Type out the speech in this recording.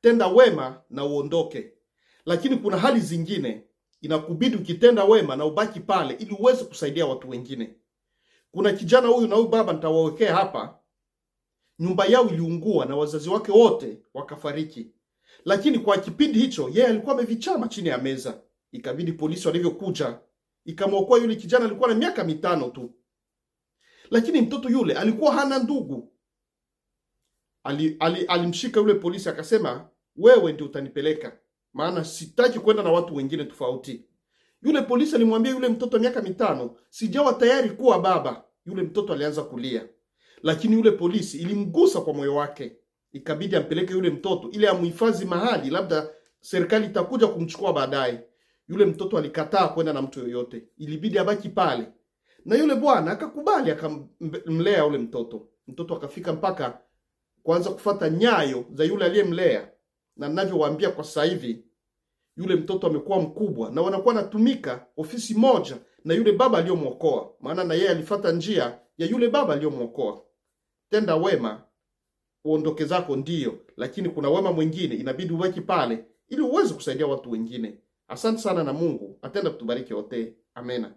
tenda wema na uondoke. Lakini kuna hali zingine inakubidi ukitenda wema na ubaki pale ili uweze kusaidia watu wengine. Kuna kijana huyu na huyu baba nitawawekea hapa, nyumba yao iliungua na wazazi wake wote wakafariki, lakini kwa kipindi hicho yeye alikuwa amevichama chini ya meza. Ikabidi polisi walivyokuja ikamwokoa yule kijana, alikuwa na miaka mitano tu, lakini mtoto yule alikuwa hana ndugu alimshika yule polisi akasema, wewe ndio utanipeleka, maana sitaki kwenda na watu wengine tofauti. Yule polisi alimwambia yule mtoto, miaka mitano, sijawa tayari kuwa baba. Yule mtoto alianza kulia, lakini yule polisi ilimgusa kwa moyo wake, ikabidi ampeleke yule mtoto ili amhifadhi mahali, labda serikali itakuja kumchukua baadaye. Yule mtoto alikataa kwenda na mtu yoyote, ilibidi abaki pale, na yule bwana akakubali, akamlea yule mtoto. Mtoto akafika mpaka kuanza kufata nyayo za yule aliyemlea, na ninavyowaambia kwa sasa hivi yule mtoto amekuwa mkubwa na wanakuwa anatumika ofisi moja na yule baba aliyomwokoa, maana na yeye alifata njia ya yule baba aliyomwokoa. Tenda wema uondoke zako, ndiyo, lakini kuna wema mwingine inabidi uweki pale ili uweze kusaidia watu wengine. Asante sana, na Mungu atenda kutubariki wote, amena.